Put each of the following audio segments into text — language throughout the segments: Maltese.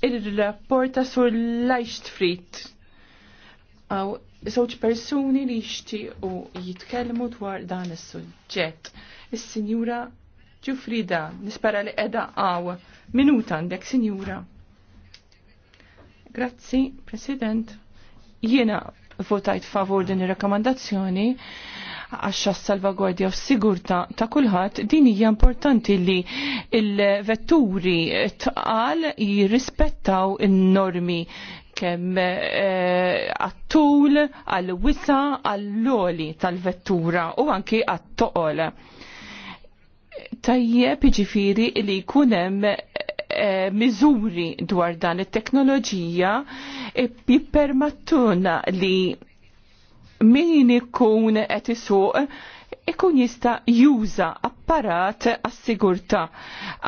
il-rapport ta' sur frit. Għaw, zoċ personi li xti u jitkellmu dwar dan is-suġġett. Is-sinjura ġufrida, nispera li edha għaw. Minuta għandek, sinjura. Grazzi, President. Jiena votajt favor din ir rakkomandazzjoni għax salvagwardja u sigurta ta' kulħadd din hija importanti li il-vetturi tqal jirrispettaw in-normi kemm eh, għattul, tul għal-wisa, għall-loli tal-vettura u anki għat-toqol. Tajjeb ġifiri li kunem eh, mizuri dwar dan it-teknoloġija e jippermattuna li min ikun qed isuq ikun jista' juża apparat għas-sigurtà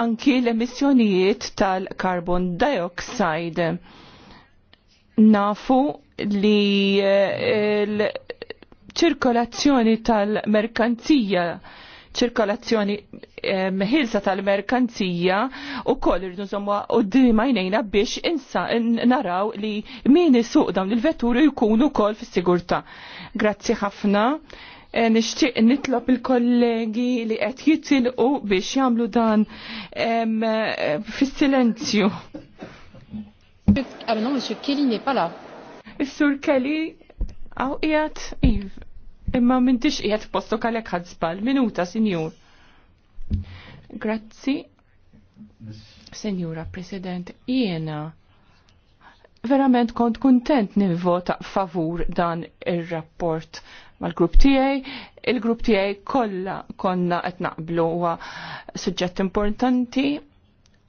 anki l-emissjonijiet tal-carbon dioxide. Nafu li eh, l-ċirkolazzjoni tal-merkanzija ċirkolazzjoni ħilsa tal-merkanzija u koll irridu nżommu u d-dimajnejna biex insa naraw li min suq dawn il-vetturi jkunu koll fis-sigurta. Grazzi ħafna. Eh, nixtieq nitlob il-kollegi li qed jitilqu biex jagħmlu dan eh, fis-silenzju. Ah Kelly n'est pas Sur Kelly, għaw qiegħed, imma m'intix qiegħed posto kalek ħadżbal, minuta, sinjur. Grazzi, Senjura President, jiena verament kont kontent nivvota favur dan il-rapport mal-grupp tiegħi. Il-grupp tiegħi kollha konna qed naqblu huwa suġġett importanti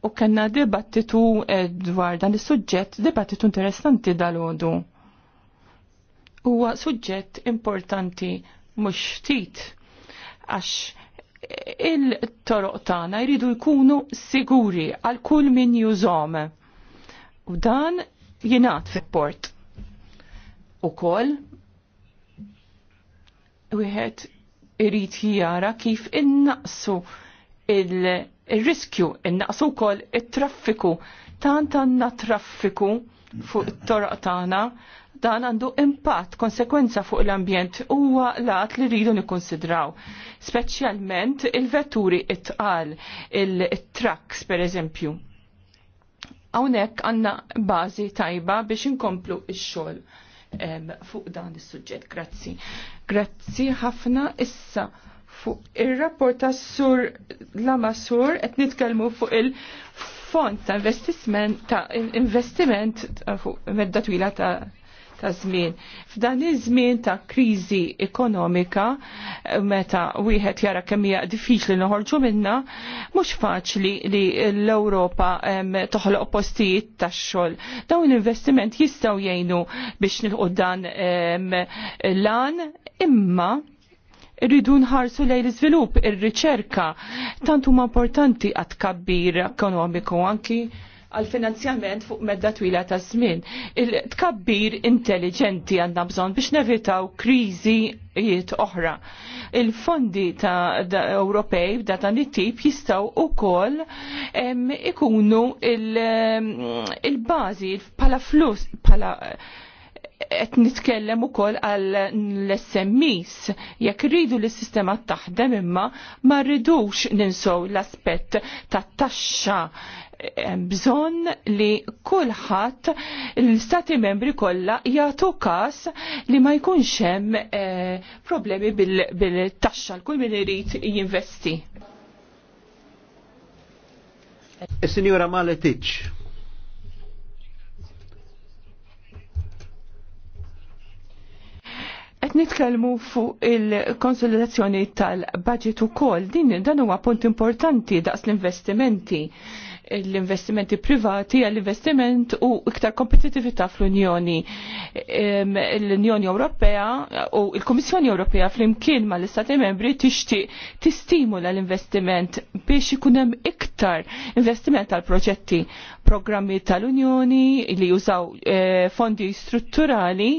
u kellna dibattitu eh, dwar dan is-suġġett dibattitu interessanti dal-għodu. Huwa suġġett importanti mhux ftit għax il-toroq tagħna jridu jkunu siguri għal kull min jużom. U dan jingħad fi port koll, wieħed irid jara kif innaqsu il-riskju, innaqsu wkoll it-traffiku. Tant għandna traffiku fuq it-toroq tagħna dan għandu impatt, konsekwenza fuq l-ambjent huwa lat li rridu nikkonsidraw. Speċjalment il-vetturi it-tqal, il-trucks per eżempju. Hawnhekk għandna bażi tajba biex inkomplu ix xogħol fuq dan is-suġġett. Grazzi. Grazzi ħafna issa fuq ir-rapport tas sur lama qed nitkellmu fuq il-fond ta' investiment ta' investiment eh, fuq medda twila ta' ta' żmien. F'dan iż-żmien ta' kriżi ekonomika meta wieħed jara kemm hija diffiċli noħorġu minna, mhux faċli li l-Ewropa toħloq postijiet tax-xogħol. Dawn l-investiment jistgħu jgħinu biex nilqu dan lan imma irridu nħarsu lejn l-iżvilupp, ir-riċerka, tant huma importanti għat kabbir ekonomiku anki għal finanzjament fuq medda twila ta' żmien. Il-tkabbir intelligenti għandna bżonn biex nevitaw kriżijiet oħra. Il-fondi ta' Ewropej da ta' nittib jistaw u kol ikunu il-bazi pala flus, pala qed nitkellem ukoll għal l-SMEs jekk rridu li s-sistema taħdem imma ma rridux ninsow l-aspett tat-taxxa bżonn li kulħadd l-Stati membri kollha jagħtu każ li ma jkunx hemm eh, problemi bil-taxxa bil taxxa l kull min irid jinvesti. E signora Maletic. Qed nitkellmu fuq il-konsolidazzjoni tal-budget ukoll din dan huwa punt importanti daqs l-investimenti l-investimenti privati għall-investiment u iktar kompetitività fl-Unjoni. L-Unjoni Ewropea u l-Komissjoni Ewropea fl-imkien ma l-Istati membri tixtieq tistimula l-investiment biex ikun hemm iktar investiment għal proġetti programmi tal-Unjoni li jużaw eh, fondi strutturali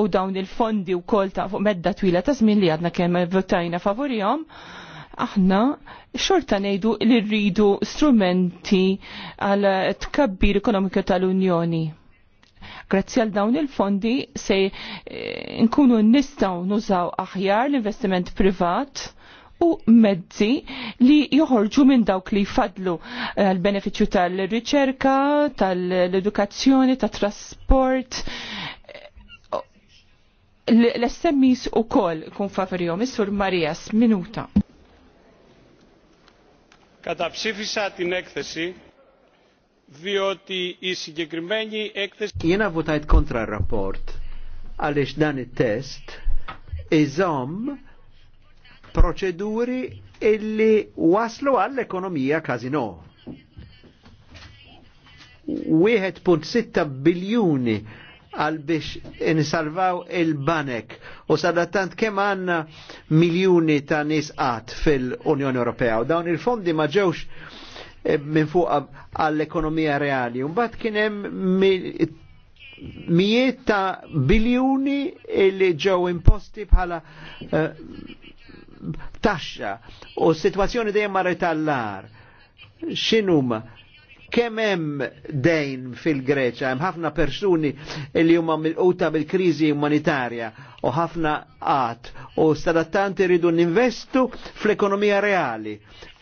u dawn il-fondi u kol ta' medda twila ta' żmien li għadna kemm votajna favorihom aħna xorta nejdu li rridu strumenti għal tkabbir ekonomika tal-Unjoni. Grazzi għal dawn il-fondi se eh, nkunu nistaw nużaw aħjar l-investiment privat u mezzi li joħorġu minn dawk li fadlu eh, għal beneficju tal-riċerka, tal-edukazzjoni, tal-trasport, eh, l-SMIs u kol kun favorjom, Is-Sur Marijas, minuta. Καταψήφισα την έκθεση διότι η συγκεκριμένη έκθεση... Jena votajt kontra rapport għalix dan il-test iżom proċeduri illi waslu għall-ekonomija kazino. 1.6 biljuni għal biex insalvaw il-banek u sadattant kemm għanna miljuni ta' nisqat fil-Unjoni Ewropea u dawn il-fondi ma ġewx eh, minn fuq għall-ekonomija reali. Mbagħad kien hemm mijiet ta' biljuni li ġew imposti bħala eh, taxxa u s-sitwazzjoni dejjem marret tal-lar. X'inhuma? kemm hemm dejn fil-Greċa, hemm ħafna persuni li huma milquta bil-kriżi umanitarja u ħafna qatt u sadattanti rridu ninvestu fl-ekonomija reali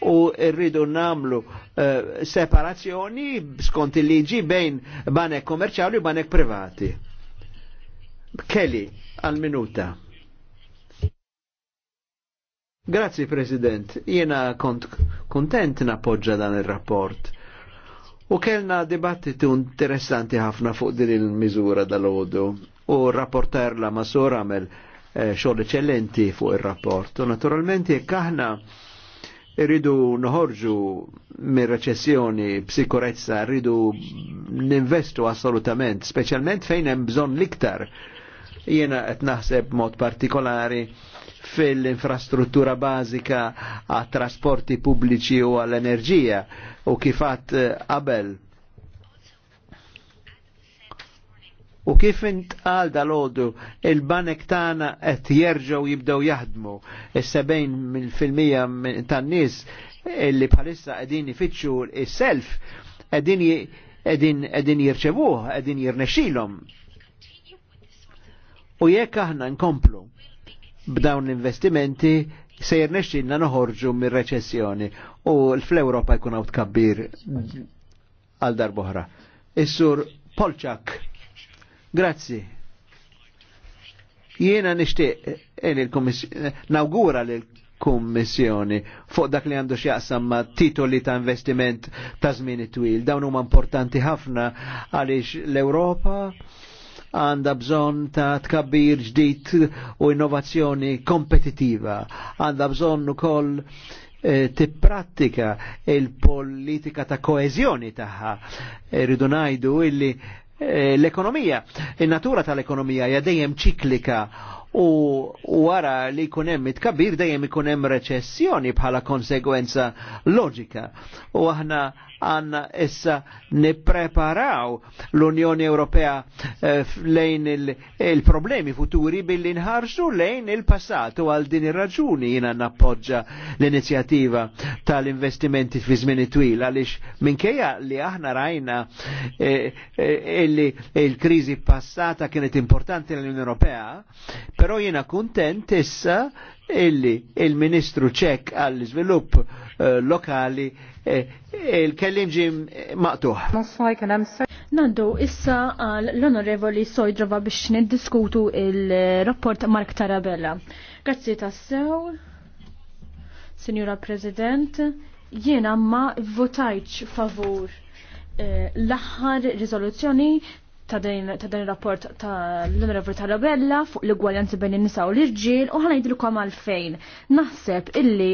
u rridu namlu eh, separazzjoni skont il-liġi bejn banek kommerċjali u banek privati. Kelly, għal-minuta. Grazie President, Jiena kont kontent napoġġa dan il-rapport U kellna dibattitu interessanti ħafna fuq din il-miżura dal-ħodu u rapporterla ma' sor għamel eh, xogħol eċellenti fuq ir-rapport. U naturalment jekk aħna irridu noħorġu minn reċessjoni b'sikurezza, rridu ninvestu assolutament, speċjalment fejn hemm bżonn l-iktar Jiena qed naħseb mod partikolari fil-infrastruttura bażika għat trasporti pubbliċi u għall-enerġija u kifat eh, qabel. U kif intqal dal-ħodu, il-banek tana qed jerġgħu jibdew jaħdmu. is sebejn fil-mija tan-nies illi bħalissa qegħdin ifittxu is-self qegħdin qegħdin qegħdin jirċevuh, qegħdin jirnexxilhom U jekk aħna nkomplu b'dawn l-investimenti se jirnexxinna noħorġu mir-reċessjoni u fl-Ewropa jkun hawn tkabbir għal darboħra. Is-sur Polċak, grazzi. Jiena nixtieq eh, il-Kummissjoni eh, nawgura l kummissjoni fuq dak li għandu xjaqsam ma titoli ta' investiment ta' żmien twil. Dawn huma importanti ħafna għaliex l-Ewropa għanda bżon ta' tkabbir ġdid u innovazzjoni kompetitiva, għanda bżon ukoll eh, tipprattika il-politika ta' koezjoni taħħa. Irridu ngħidu illi eh, l-ekonomija, in natura tal-ekonomija hija dejjem ċiklika u wara li jkun hemm kabir dejjem ikun hemm reċessjoni bħala konsegwenza loġika. U aħna għanna issa nippreparaw l-Unjoni Ewropea eh, lejn il-problemi il futuri billi nħarsu lejn il-passat u għal din ir-raġuni jina nappoġġa l-inizjattiva tal-investimenti fi żmien twil għaliex minkejja li aħna rajna eh, eh, illi il-kriżi passata kienet importanti l-Unjoni Ewropea, Però jiena kuntent issa illi il-Ministru ċek għall-iżvilupp eh, lokali eh, il-kellim ġim maqtuħ. Nandu, issa għal l-onorevoli Sojdrova biex niddiskutu il-rapport Mark Tarabella. Grazzi tassew, Signora President, jiena ma votajċ favur eh, l-aħħar rizoluzzjoni ta' din rapport ta' l ta' Tarabella fuq l-igwaljanzi bejn in-nisa u l-irġiel u ħanajdilkom għalfejn. Naħseb illi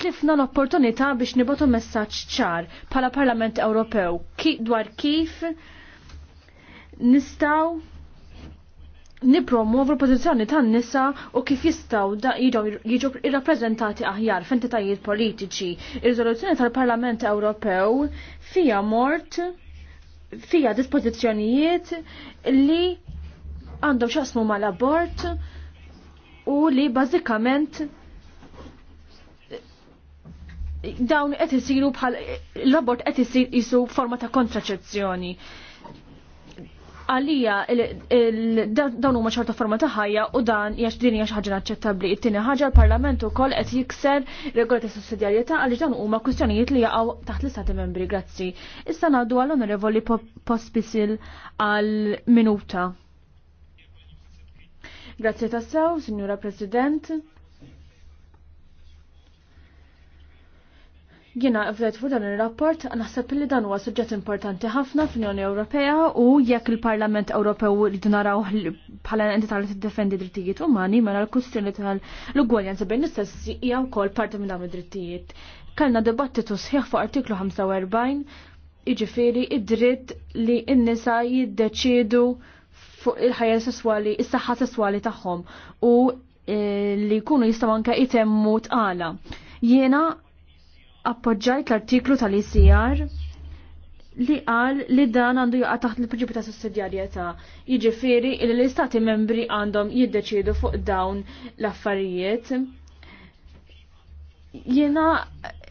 tlifna l-opportunità biex nibotu messaġġ ċar bħala Parlament Ewropew dwar kif nistaw nipromovu l-pozizjoni tan nisa u kif jistaw da jiġu irrappreżentati aħjar f'entitajiet politiċi. il riżoluzzjoni tal-Parlament Ewropew fija mort fija dispożizzjonijiet li għandhom xasmu mal-abort u li bażikament dawn qed isiru bħal l-abort qed isir isu forma ta' kontraċezzjoni għalija dawn huma ċerta forma ta' ħajja u dan jax din hija xi ħaġa naċċettabbli. It-tieni ħaġa l-Parlament ukoll qed jikser regola ta' sussidjarjetà għaliex dan huma kwistjonijiet li jaqgħu taħt l-Istati Membri. Grazzi. Issa ngħaddu għall-Onorevoli Pospisil għal minuta. Grazie tassaw, signora President. Jina fdejt fuq dan ir-rapport naħseb li dan huwa suġġett importanti ħafna fl-Unjoni Ewropea u jekk il-Parlament Ewropew li naraw bħala entità li tiddefendi drittijiet umani mela l kustjoni tal-ugwaljanza bejn istess hija wkoll parti minn dawn id-drittijiet. Kellna dibattitu sħiħ fuq artiklu 45 jiġifieri id-dritt li n-nisa jiddeċiedu fuq il-ħajja sesswali, is-saħħa sesswali tagħhom u eh, li jkunu jistgħu anke itemmu tqala. Jiena appoġġajt l-artiklu tal-ICR li qal li dan għandu jaqa' taħt il-prinċipju ta' sussidjarjetà. Jiġifieri li l-istati membri għandhom jiddeċiedu fuq dawn l-affarijiet Jena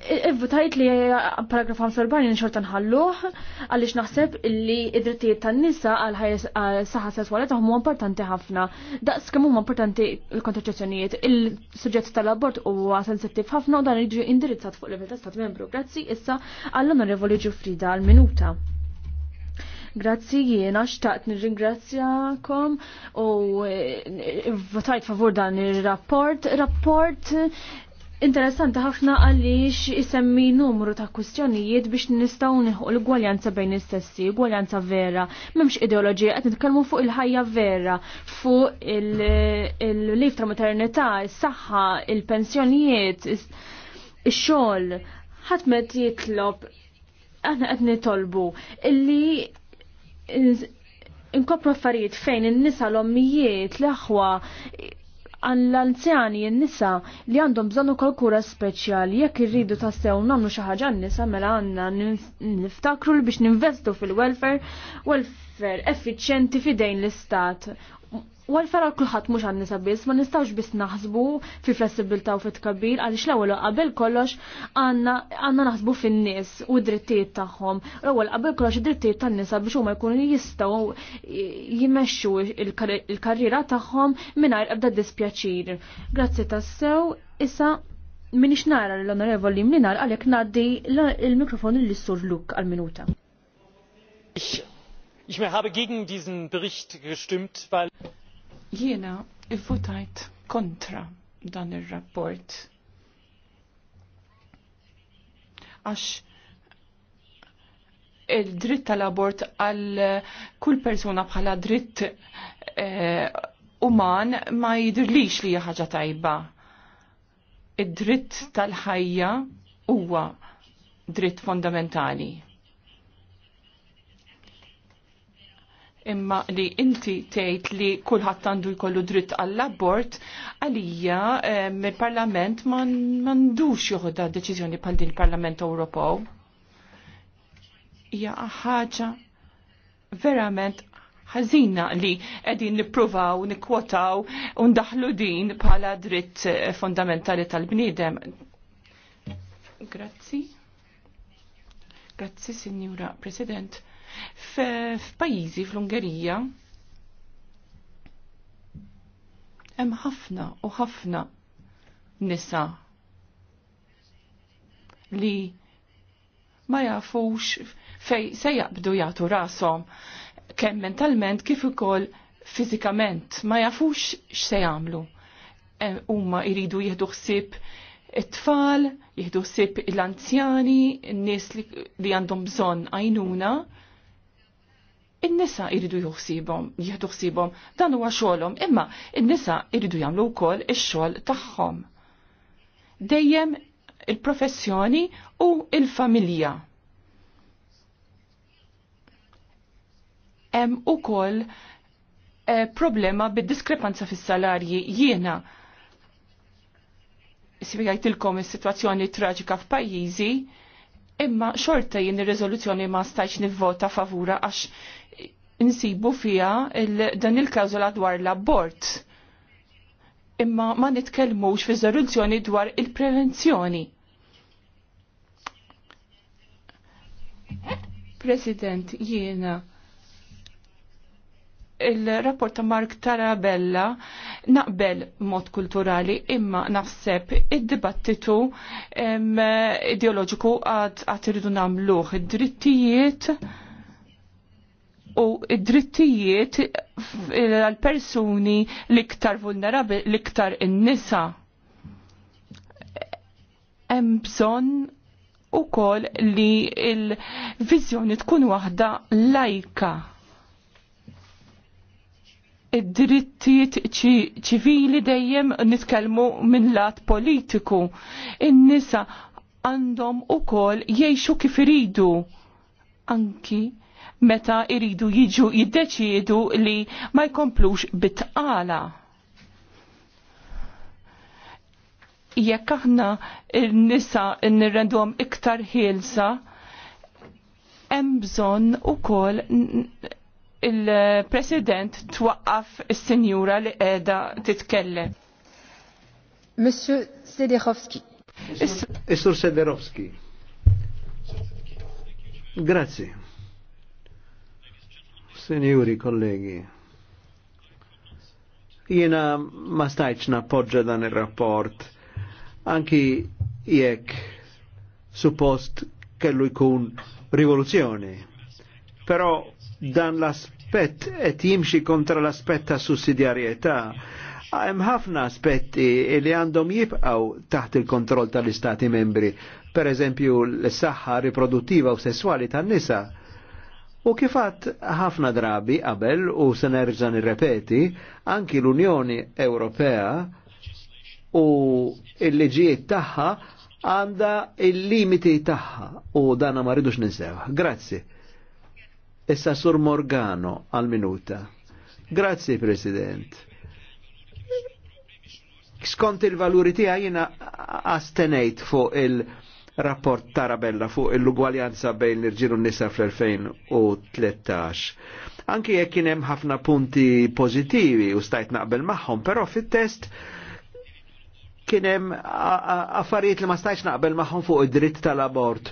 evvutajt li paragraf 45 xorta nħalluħ għaliex naħseb li id-drittijiet tan-nisa għal saħħa sesswali tagħhom huwa importanti ħafna. Daqs kemm huma importanti l-kontraċezzjonijiet, il-suġġett tal-abort huwa sensittiv ħafna u dan jiġi indirizzat fuq livell ta' stat membru. Grazzi issa għall-Onorevoli Ġufrida għal-minuta. Grazzi jiena xtaqt nirringrazzjakom u eh, votajt favur dan ir-rapport. Rapport, rapport Interessanti ħafna għaliex isemmi numru ta' kwistjonijiet biex nistgħu nieħu l-gwaljanza bejn istessi, gwaljanza vera, m'hemmx ideoloġija qed nitkellmu fuq il-ħajja vera, fuq il-lif ta' maternità, is-saħħa, il-pensjonijiet, ix xogħol ħadd met jitlob aħna qed nitolbu illi inkopru affarijiet fejn in-nisa l-ommijiet, l-aħwa għall-anzjani n-nisa li għandhom bżonn ukoll kura speċjali jekk irridu tassew nagħmlu xi ħaġa n-nisa mela għandna niftakru li biex ninvestu fil-welfare welfare effiċjenti fidejn l-istat U għal-fera kullħat mux għan nisabis, ma nistawx bis naħsbu fi flessibilta u fi tkabbir, għalix l ewwel qabel kollox għanna naħsbu fin nies u drittijiet tagħhom. l ewwel qabel kollox drittiet tan-nisa biex huma jkunu jistgħu jimmexxu il-karriera tagħhom mingħajr ebda dispjaċir. Grazzi tassew, issa minni nara l-onorevoli minar għalhekk ngħaddi il-mikrofon li sur Luk għal-minuta ich habe gegen diesen bericht gestimmt weil Jiena ivvutajt kontra dan ir-rapport. Għax il-dritt tal-abort għal kull persuna bħala dritt eh, uman ma jidirlix li ħaġa tajba. Id-dritt tal-ħajja huwa dritt fondamentali. imma li inti tgħid li kulħadd għandu jkollu dritt għall-abort għalija mill-Parlament m'għandux joħodha deċiżjoni bħal din il-Parlament Ewropew. Hija ħaġa verament ħażina li qegħdin nippruvaw nikkwotaw u ndaħlu din bħala dritt fondamentali tal-bniedem. Grazzi. Grazzi, Signora President. F'pajjiżi fl-Ungerija hemm ħafna u ħafna nisa li ma jafux fej se jaqbdu jagħtu rashom kemm mentalment kif ukoll fiżikament ma jafux x'se jagħmlu. Huma jridu jieħdu ħsieb it-tfal, jieħdu ħsieb l-anzjani, n-nies li, li għandhom bżonn għajnuna, in-nisa jridu juħsibom, jieħdu ħsibhom dan huwa xogħolhom, imma in-nisa jridu jagħmlu wkoll il xogħol tagħhom. Dejjem il-professjoni u il-familja. Hemm ukoll eh, problema bid-diskrepanza fis-salarji jiena il-kom is-sitwazzjoni traġika f'pajjiżi Imma xorta jien ir-riżoluzzjoni ma stajx nivvota favura għax insibu fija il dan il-klawżola dwar l-abort. Imma ma nitkellmux fi riżoluzzjoni dwar il-prevenzjoni. President, jiena il-rapport ta' Mark Tarabella naqbel mod kulturali imma naħseb id-dibattitu ideoloġiku għad għad irridu namluħ id-drittijiet u id-drittijiet għal-persuni liktar vulnerabli, liktar in-nisa. Hemm bżonn ukoll li l-viżjoni tkun waħda lajka id-drittijiet ċivili dejjem nitkellmu minn lat politiku. In-nisa għandhom ukoll jgħixu kif iridu. Anki meta iridu jiġu jiddeċiedu li ma jkomplux bitqala. Jekk aħna n-nisa nirrendhom iktar ħielsa, hemm bżonn ukoll il-President twaqqaf is-sinjura li qiegħda titkellem. Monsieur Sederowski. Is-Sur Sederowski. Grazie. Senjuri, kollegi. Jiena ma stajċ nappoġġa dan ir-rapport anki jekk suppost kellu jkun rivoluzzjoni. Però dan l-aspett aspett qed jimxi kontra l-aspett ta' sussidjarjetà. Hemm ħafna aspetti li għandhom jibqgħu taħt il-kontroll tal-istati membri, per eżempju l-saħħa riproduttiva u sessuali tan-nisa. U kifat ħafna drabi qabel u se nerġa' nirrepeti, anki l-Unjoni Ewropea u l-liġijiet tagħha għandha il-limiti tagħha u dana ma rridux ninsewha. Grazzi. Issa Sur Morgano għal minuta. Grazzi President. Skont il-valuri tiegħi jiena astenejt fuq il-rapport Tarabella fuq il-ugwaljanza bejn l-irġiel u nisa fl-2013. Anki jekk kien hemm ħafna punti pożittivi u stajt naqbel magħhom, però fit-test kienem affarijiet li ma stajx naqbel maħħom fuq id-dritt tal-abort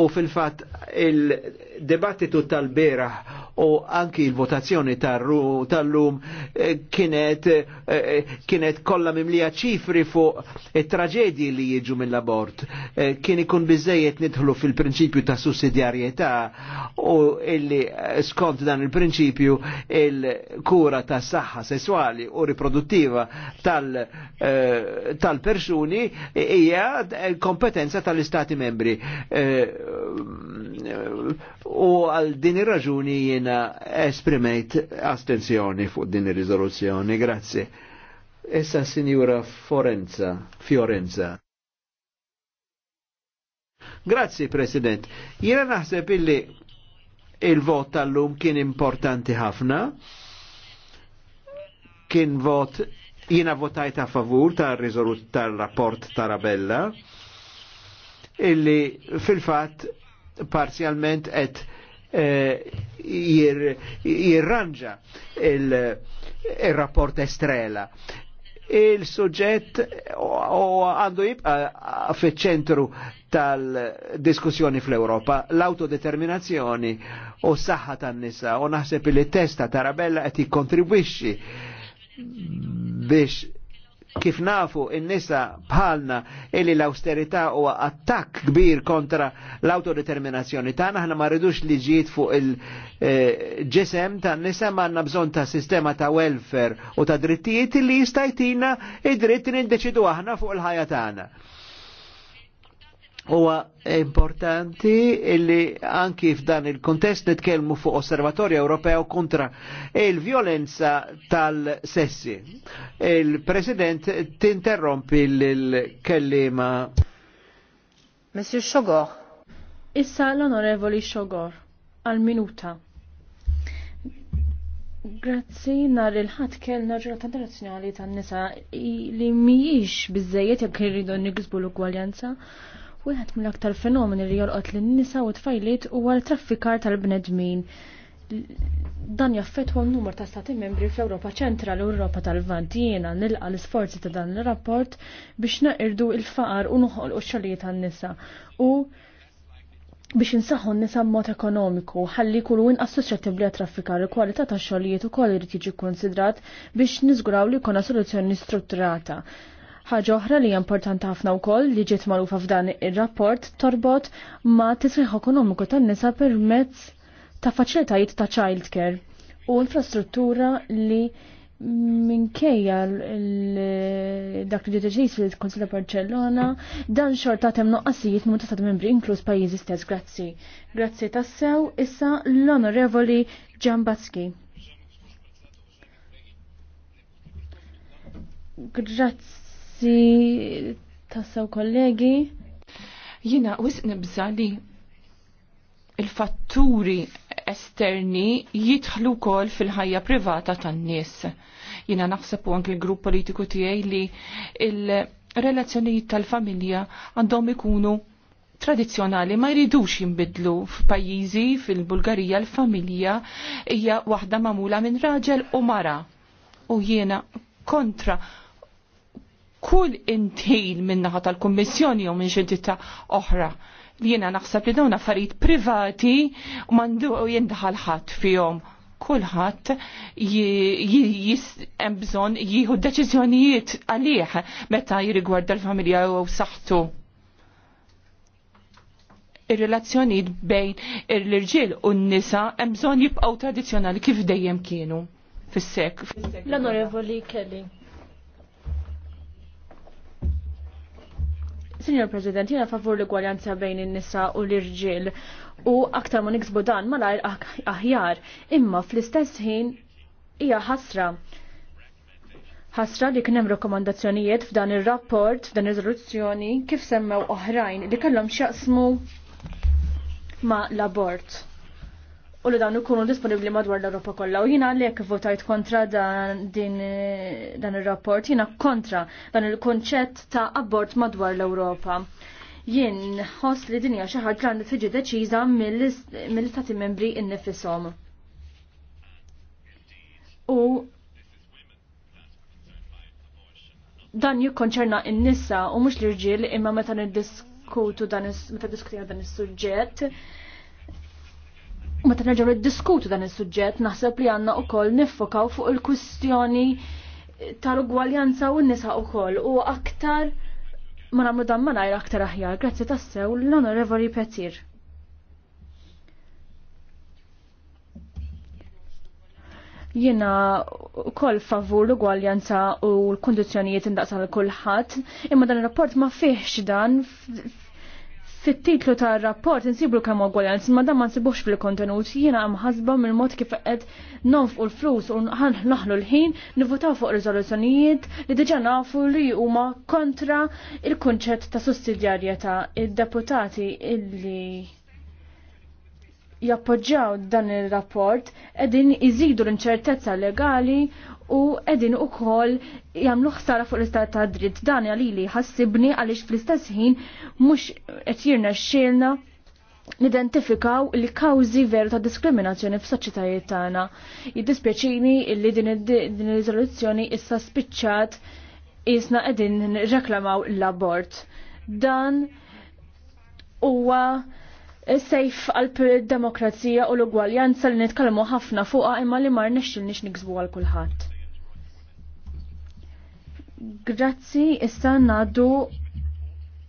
u fil-fat il- debattitu tal-beraħ u anki il-votazzjoni tal-lum eh, kienet eh, kienet kollha mimlija ċifri fuq it-traġedji li jiġu mill-abort. Eh, kien ikun biżejjed nidħlu fil-prinċipju ta' sussidjarjetà u illi skont dan il-prinċipju il-kura ta' saħħa sessuali u riproduttiva tal-persuni tal hija kompetenza tal-istati membri u għal din ir-raġuni jiena esprimejt astenzjoni fuq din ir-riżoluzzjoni. Grazzi. Issa Sinjura Forenza, Fiorenza. Grazzi, President. Jiena naħseb illi il-vot tal-lum kien importanti ħafna. Kien vot, jiena votajt a favur tal-rapport tar Tarabella, illi fil-fat parzjalment et eh, jirranġa il-rapport estrela il-suġġett u għandu jibqa fiċ-ċentru tal-diskussjoni fl-Europa, l-autodeterminazzjoni u s-saħħa tan-nisa u naħseb li testa tarabella qed jikkontribwixxi biex kif nafu in-nisa bħalna illi l-austerità huwa attakk kbir kontra l-autodeterminazzjoni tagħna aħna ma rridux liġijiet fuq il-ġisem eh, ta' tan-nisa ma għandna bżonn ta' sistema ta' welfare u ta' drittijiet li jista' jtina id-dritt li niddeċidu aħna fuq il-ħajja tagħna. Huwa importanti illi anki f'dan il-kontest nitkellmu fuq Osservatorju Ewropew kontra il vjolenza tal-sessi. Il-President tinterrompi l-kellima. Monsieur Chogor. Issa l-Onorevoli Chogor, għal-minuta. Grazzi, nar il-ħat kellna ġurnata internazzjonali tan-nisa li mhijiex biżejjed jekk irridu nikisbu l-ugwaljanza. Wieħed mill-aktar fenomeni li jolqot lin nisa u tfajliet huwa l-traffikar tal-bnedmin. Dan jaffettwa n-numru ta' stati membri fl-Ewropa ċentrali u Ewropa tal-Vant jiena nilqa l-isforzi ta' dan ir-rapport biex naqirdu il-faqar u noħolqu x-xogħlijiet tan-nisa u biex insaħħu n-nisa mod ekonomiku ħalli jkunu inqas suċċettibbli għat-traffikar il-kwalità tax-xogħlijiet ukoll irid jiġi kkunsidrat biex niżguraw li jkollna soluzzjoni strutturata Ħaġa oħra li importanti ħafna wkoll li ġiet magħrufa f'dan ir-rapport torbot ma' tisriħ ekonomiku tan-nisa permezz ta' faċilitajiet ta' childcare u infrastruttura li minkejja dak li ġiet fil-Konsil Barcellona dan xorta hemm noqqasijiet mhux ta' membri inkluż pajjiżi stess. Grazzi. Grazzi tassew issa l-Onorevoli Ġambatski. Grazzi nifsi tassaw kollegi. Jina wisq nibża li il-fatturi esterni jitħlu kol fil-ħajja privata tan-nies. Jina naħseb anke il-grupp politiku tiegħi li il-relazzjonijiet tal-familja għandhom ikunu tradizjonali ma jridux jimbidlu f'pajjiżi fil-Bulgarija l-familja hija waħda magħmula minn raġel u mara. U jiena kontra kull intil minnaħa tal-Kommissjoni u minn xedita oħra. Jiena naħseb li dawn affarijiet privati u mandu jindaħal ħadd fihom kulħadd hemm bżonn jieħu deċiżjonijiet għalih meta jirrigwarda l-familja u saħħtu. Ir-relazzjonijiet bejn l-irġiel u n-nisa hemm bżonn jibqgħu tradizzjonali kif dejjem kienu fis-sek. L-onorevoli Kelly. Signor President, jena favur l-gwaljanza bejn in-nisa u l-irġiel u aktar ma niksbu dan malajr ah- aħjar, imma fl-istess ħin hija ħasra. Ħasra li kien hemm rakkomandazzjonijiet f'dan ir-rapport, f'dan ir-riżoluzzjoni kif semmew oħrajn li kellhom x'jaqsmu ma l-abort u li dan ikunu disponibbli madwar l europa kollha u jiena għalhekk votajt kontra dan din dan ir-rapport, jiena kontra dan il-konċett ta' abort madwar l-Ewropa. Jien ħoss li dinja xi ħaġa għandha tiġi deċiża mill-istati membri innifisom. U dan jikkonċerna n-nisa u mhux l-irġiel imma meta niddiskutu dan meta diskutiha dan is-suġġett Meta nerġgħu niddiskutu dan is-suġġett naħseb li għandna wkoll niffokaw fuq il-kwistjoni tal-ugwaljanza u n-nisa wkoll u aktar ma nagħmlu dan malajr aktar aħjar. Grazzi tassew l-Onorevoli Petir. Jiena kol favur l-ugwaljanza u l-kondizjonijiet indaqsa l kulħadd imma dan ir-rapport ma fihx dan fit-titlu tar rapport insibu kemm ogwaljanz, ma dan ma nsibux fil-kontenut, jiena mħasba mill-mod kif qed nonfqu l-flus u naħlu l-ħin nivutaw fuq riżoluzzjonijiet li diġà nafu li huma kontra il-kunċett ta' sussidjarjetà id-deputati illi jappoġġjaw dan il-rapport edin iżidu l-inċertezza legali u edin u kol jamlu ħsara fuq l-istat ta' dritt dan għalili ħassibni għalix fl-istess ħin mux etjirna xilna nidentifikaw li kawzi veru ta' diskriminazzjoni f'soċjetajiet tagħna. Jiddispjaċini li din ir-riżoluzzjoni issa spiċċat isna qegħdin reklamaw l-abort. Dan huwa sejf għal demokrazija u l-ugwaljanza li nitkellmu ħafna fuqha imma li mar nix niksbu għal kulħadd. Grazzi, issa naddu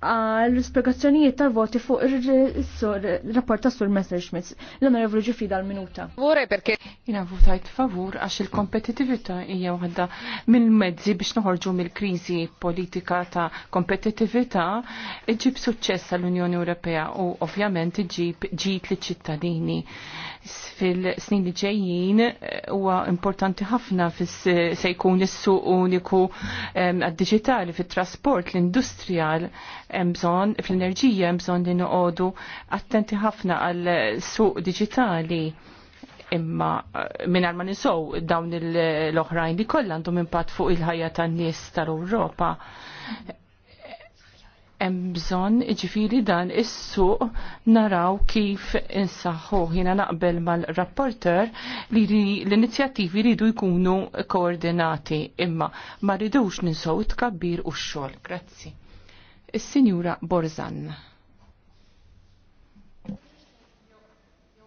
għal spiegazzjonijiet tal-voti fuq il-rapport ta' sur Messerschmitt. L-onorevoli ġifida l minuta Vore perché jina votajt favur għax il-kompetitivita hija waħda mill-mezzi biex noħorġu mill-krizi politika ta' kompetitivita iġib suċċess għall-Unjoni Ewropea u ovvjament iġib ġit li ċittadini fil-snin li ġejjin eh, huwa importanti ħafna fis se jkun is-suq uniku għad-diġitali fit-trasport l industrial bżonn fl-enerġija hemm li noqogħdu attenti ħafna għal suq digitali imma eh, mingħajr ma nisow dawn l-oħrajn li kollha għandhom impatt fuq il-ħajja tan-nies tal-Ewropa. Hemm bżonn ġifieri dan is-suq naraw kif insaħħu jiena naqbel mal-rapporter li l-inizjattivi ridu jkunu koordinati imma ma rridux ninsow tkabbir u x-xogħol. Grazzi il sinjura Borzan.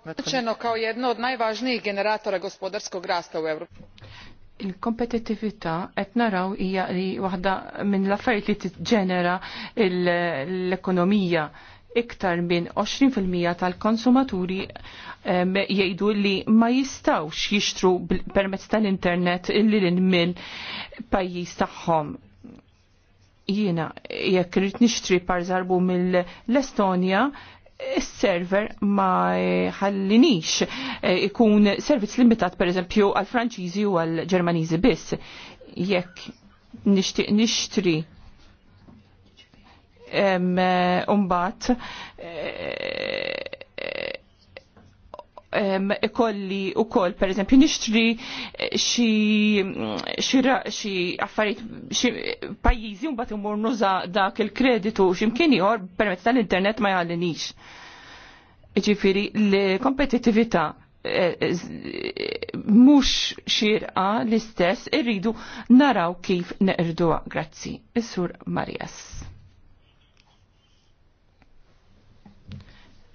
Uċeno kao jedno od najvažnijih generatora gospodarskog rasta u Evropi. Il-kompetitività qed naraw hija li waħda minn l-affarijiet li tiġġenera l-ekonomija iktar minn 20% tal-konsumaturi jgħidu li ma jistawx jixtru permezz tal-internet illi l minn pajjiż tagħhom jiena jekk rrid nixtri parżarbu mill-Estonja, is-server ma ħallinix eh, ikun servizz limitat per eżempju għal franċiżi u għal ġermaniżi biss. Jekk nixtieq nixtri eh, umbat eh, ikolli u koll, per eżempju, nixtri eh, xi affarijiet xi pajjiżi mbagħad imur nuża dak il-kreditu x'imkien ieħor permezz tal-internet ma jgħallinix. Ġifieri l-kompetittività eh, eh, mhux xirqa l-istess irridu naraw kif neqrduha. Grazzi. Is-Sur Marias.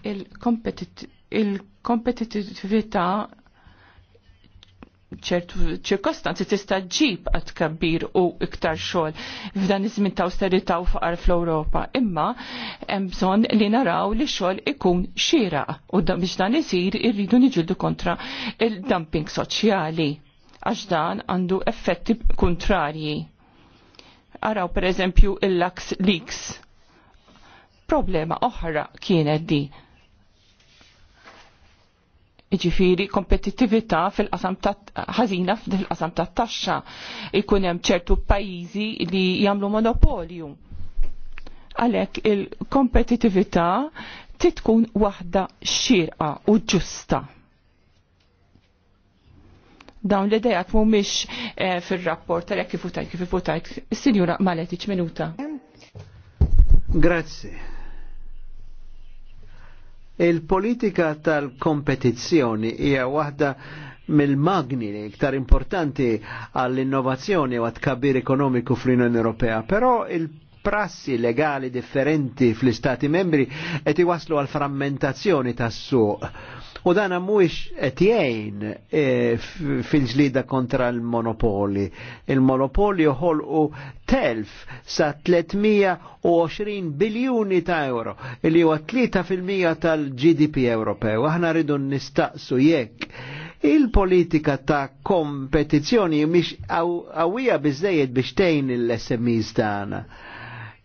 Il-kompetittività il-kompetitività ċertu ċirkostanzi tista' ġib għad kabbir u iktar xogħol f'dan iż-żmien ta' austerità u faqar fl-Ewropa. Imma hemm bżonn li naraw li xogħol ikun xieraq u biex dan isir irridu niġildu kontra il-dumping soċjali għax dan għandu effetti kontrarji. Araw per eżempju il-lax leaks. Problema oħra kienet di Iġifiri kompetittività fil-qasam ta' ħażina fil-qasam ta' taxxa ikun hemm ċertu pajjiżi li jagħmlu monopolju. Għalhekk il-kompetittività titkun waħda xirqa u ġusta. Dawn l-idejat mhumiex eh, fir-rapport tal-jekk kif utajt kif utajt. sinjura Maletiċ minuta. Grazie. Il-politika tal-kompetizzjoni hija waħda mill-magni iktar importanti għall-innovazzjoni u għat-kabir ekonomiku fl-Unjoni Ewropea, però il-prassi legali differenti fl-Istati membri qed iwaslu għal frammentazzjoni tas-suq U dan mhuwiex qed jgħin e, fil-ġlida kontra l-monopoli. Il-monopoli joħolqu telf sa 320 biljuni ta' euro, li huwa 3% tal-GDP Ewropew. Aħna rridu nistaqsu jekk il-politika ta' kompetizzjoni mhix qawwija aw biex tgħin l-SMEs tagħna.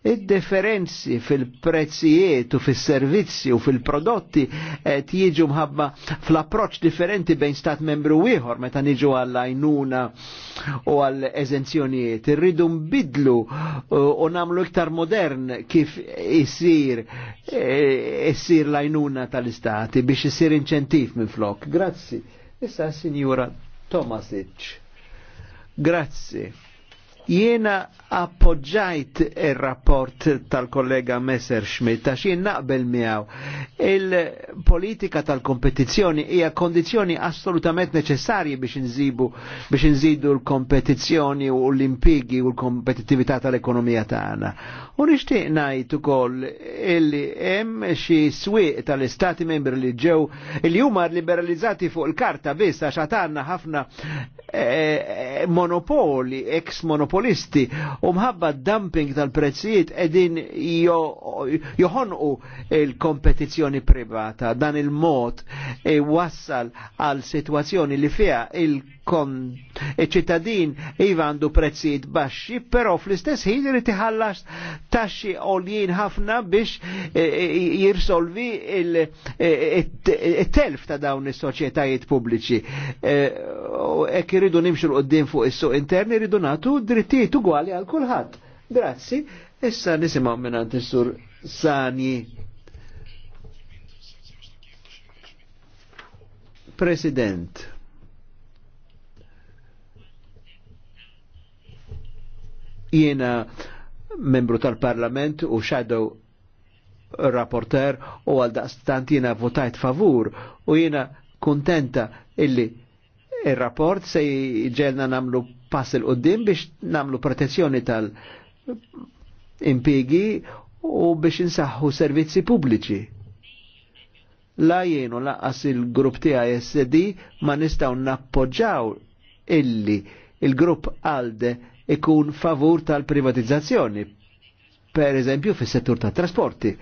Id-differenzi fil-prezzijiet u fil-servizzi u fil-prodotti jiġu mħabba fl-approċ differenti bejn stat membru ieħor meta niġu għall-għajnuna u għall-eżenzjonijiet. Irridu nbidlu u namlu iktar modern kif isir e, issir l ajnuna tal-istati biex isir inċentif minn flok. Grazzi. Issa, signora Tomasic. Grazie. Jiena appoġġajt il-rapport tal-kollega Messer Schmidt, għax jien naqbel miegħu. Il-politika tal-kompetizzjoni hija kondizzjoni assolutament neċessarji biex nżibu biex nżidu l-kompetizzjoni u l-impigi u l-kompetittività tal-ekonomija tagħna. U nixtieq ngħid ukoll illi hemm xi swieq tal-istati membri li ġew li huma liberalizzati fuq il-karta biss għax għatanna ħafna Eh, eh, monopoli, ex monopolisti, u mħabba dumping tal-prezzijiet edin joħonqu il-kompetizjoni privata. Dan il-mod eh, wassal għal situazzjoni li fija il ċittadin iva għandu prezzijiet baxxi, però fl-istess ħin irid iħallas taxxi għoljien ħafna biex e, e, jirsolvi il-telf e, ta' dawn is-soċjetajiet pubbliċi. Hekk iridu nimxu l-qoddim fuq is-suq interni iridu nagħtu drittijiet ugwali għal kulħadd. Grazzi, issa nisimgħu minn is-sur Sani. President. Jiena membru tal-Parlament u shadow rapporter u għal daqstant jiena votajt favur u jiena kontenta illi il-rapport se ġelna namlu pass il-qoddim biex namlu protezzjoni tal-impigi u biex insaħħu servizzi pubbliċi. La jienu laqqas il-grupp TISD ma nistgħu nappoġġaw illi il-grupp ALDE ikun favur tal-privatizzazzjoni, per eżempju fis settur tat trasporti.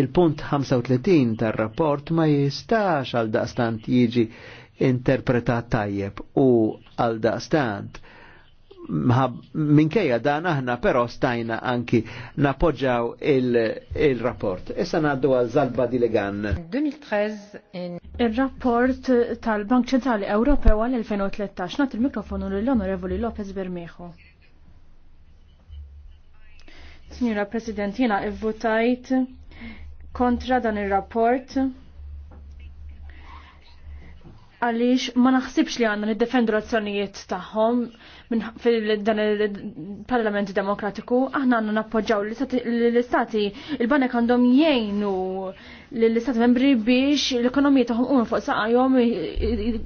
Il-punt 35 tal-rapport ma jistax għal daqstant jiġi interpretat tajjeb u għal daqstant minkejja dan aħna però stajna anki napoġġaw il-rapport. Il Issa ngħaddu għal Zalba Dilegan. 2013 Il-rapport tal-Bank Ċentrali Ewropew għal 2013 nagħti il-mikrofonu lill-Onorevoli Lopez Bermejo. Signora President, jiena kontra dan ir rapport għaliex ma naħsibx li għandna niddefendu l-azzjonijiet tagħhom fil-dan il-Parlament Demokratiku, aħna għandna nappoġġaw l-istati, il-banek għandhom jgħinu l-istati membri biex l-ekonomija tagħhom unu fuq saqajhom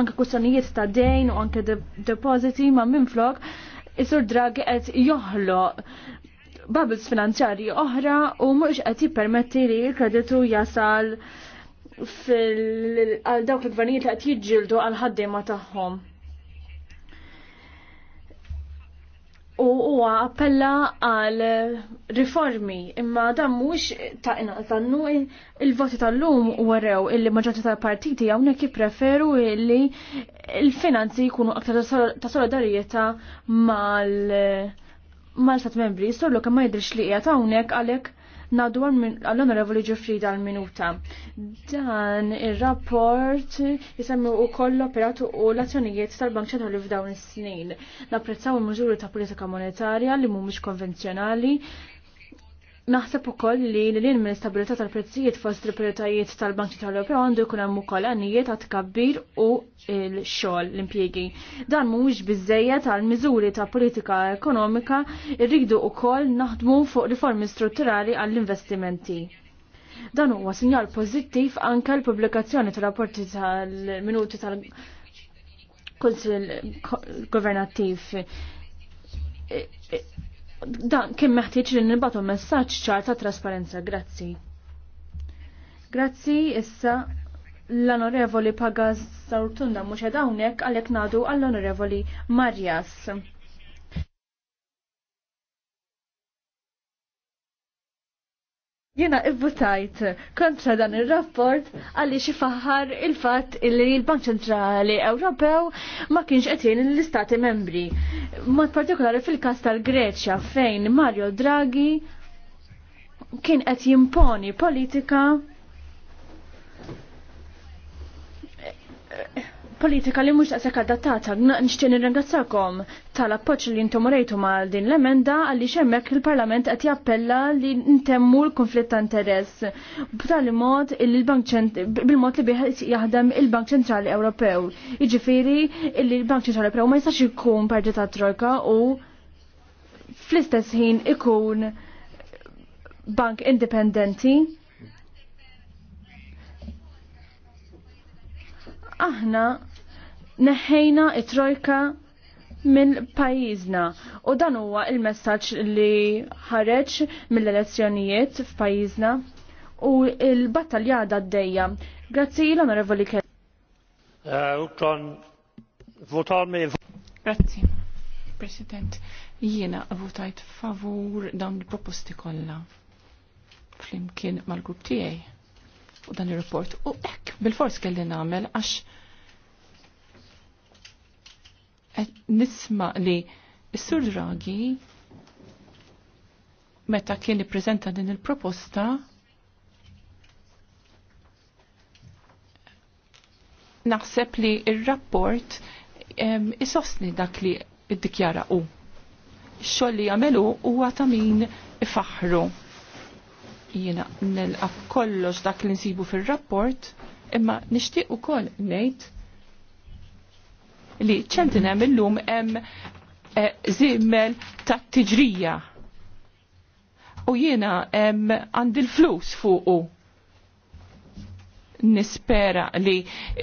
anke kustjonijiet ta' dejn u anke depositi ma' minflok, isur drag qed joħloq bubbles finanzjarji oħra u mhux qed jippermetti li l-kreditu jasal għal dawk il-gvernijiet li qed jiġġieldu għal ħaddiema tagħhom. U huwa appella għal riformi imma dan mhux ta' tannu il-voti tal-lum werew illi maġġorità tal-partiti hawnhekk jippreferu illi il-finanzi jkunu aktar ta' solidarjetà mal mal-stat membri, jistollu kemm ma jidrix li qiegħed hawnhekk għalhekk Nadwar għall-Onorevoli Ġifrida dal minuta Dan il-rapport jisemmi u kollu operatu u l-azzjonijiet tal-Bank Ċentrali f'dawn is-snin. Napprezzaw il-mużuri ta' politika monetarja li mhumiex konvenzjonali Naħseb ukoll li l-lin minn stabilità tal-prezzijiet fost il-prioritajiet tal-Bank Ċentrali Ewropew għandu jkun hemm ukoll għanijiet għat tkabbir u l-xogħol l-impjiegi. Dan mhuwiex biżejjed għal miżuri ta' politika ekonomika rridu wkoll naħdmu fuq riformi strutturali għall-investimenti. Dan huwa sinjal pożittiv anke l-pubblikazzjoni tal-rapporti tal-minuti tal-Kunsil Governattiv dan kien meħtieġ li nibatu messaġġ ċar ta' trasparenza. Grazzi. Grazzi issa l-onorevoli Pagas Sartunda mhux hawnhekk għalhekk ngħadu għall-onorevoli Marjas. Jena ibbutajt kontra dan il-rapport għalli xifahar il-fat li l-Bank Centrali Ewropew ma kienx qed l-Istati membri. Mod partikolari fil-kas tal-Greċja fejn Mario Draghi kien qed jimponi politika politika li mhux taqsek adattata. Nixtieq nirringrazzakom tal-appoġġ li intom rejtu ma' din l-emenda għaliex hemmhekk il-Parlament qed jappella li ntemmu l-konflitt ta' interess b'tali mod bil-mod li bih jaħdem il-Bank Ċentrali Ewropew. Jiġifieri li l-Bank Ċentrali Ewropew ma jistax ikun parti ta' trojka u fl-istess ħin ikun bank indipendenti. Aħna Neħejna it-trojka minn pajjiżna u dan huwa il-messaġġ li ħareġ mill-elezzjonijiet f'pajjiżna u l-battalja għaddejja. Grazzi l-Onorevoli Kelly. Uh, Grazzi, President. Jiena votajt favur dawn il-proposti kollha flimkien mal-grupp tiegħi u dan ir-rapport u hekk bil-fors kelli nagħmel għax nisma li s-sur Draghi meta kien ippreżenta din il-proposta naħseb li il-rapport isostni dak li id-dikjara u. Xoll li għamelu u għatamin faħru. Jena nil kollox dak li nsibu fil-rapport, imma nishtiq u koll nejt li hemm illum eh, hemm zimmel ta' tiġrija. U jiena għandi l-flus fuqu. Nispera li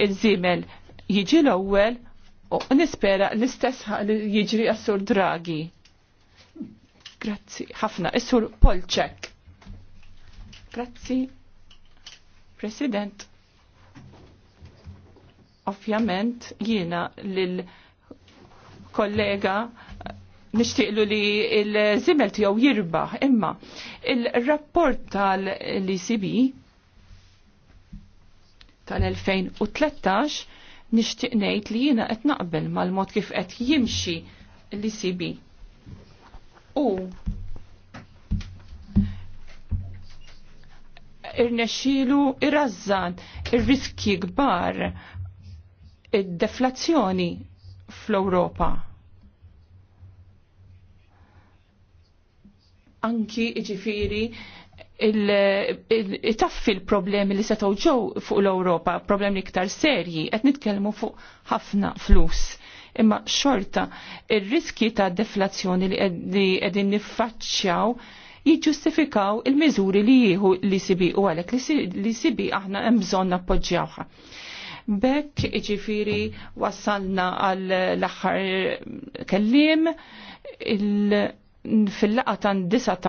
l-zimmel jiġi l-ewwel u nispera l-istess li jiġri għas-sur Draghi. Grazzi, ħafna, is-sur Polċek. Grazzi, President. Ovvjament jiena lil kollega nishtiqlu li il-zimel tijaw jirbaħ, imma il-rapport tal-ECB tal-2013 nixtieq ngħid li jiena qed naqbel mal-mod kif qed jimxi l-ECB. U irnexxielu irrażżan ir-riski kbar id-deflazzjoni fl-Ewropa. Anki iġifiri il-taffi l-problemi li setaw ġew fuq l-Ewropa, problemi iktar serji, qed nitkellmu fuq ħafna flus. Imma xorta, ir-riski ta' deflazzjoni li qegħdin niffaċċjaw jiġġustifikaw il-miżuri li jieħu li sibi u għalhekk li sibi e aħna hemm bżonn appoġġjawha. Bekk ġifiri wassalna għal l-axħar kellim fil-laqa tan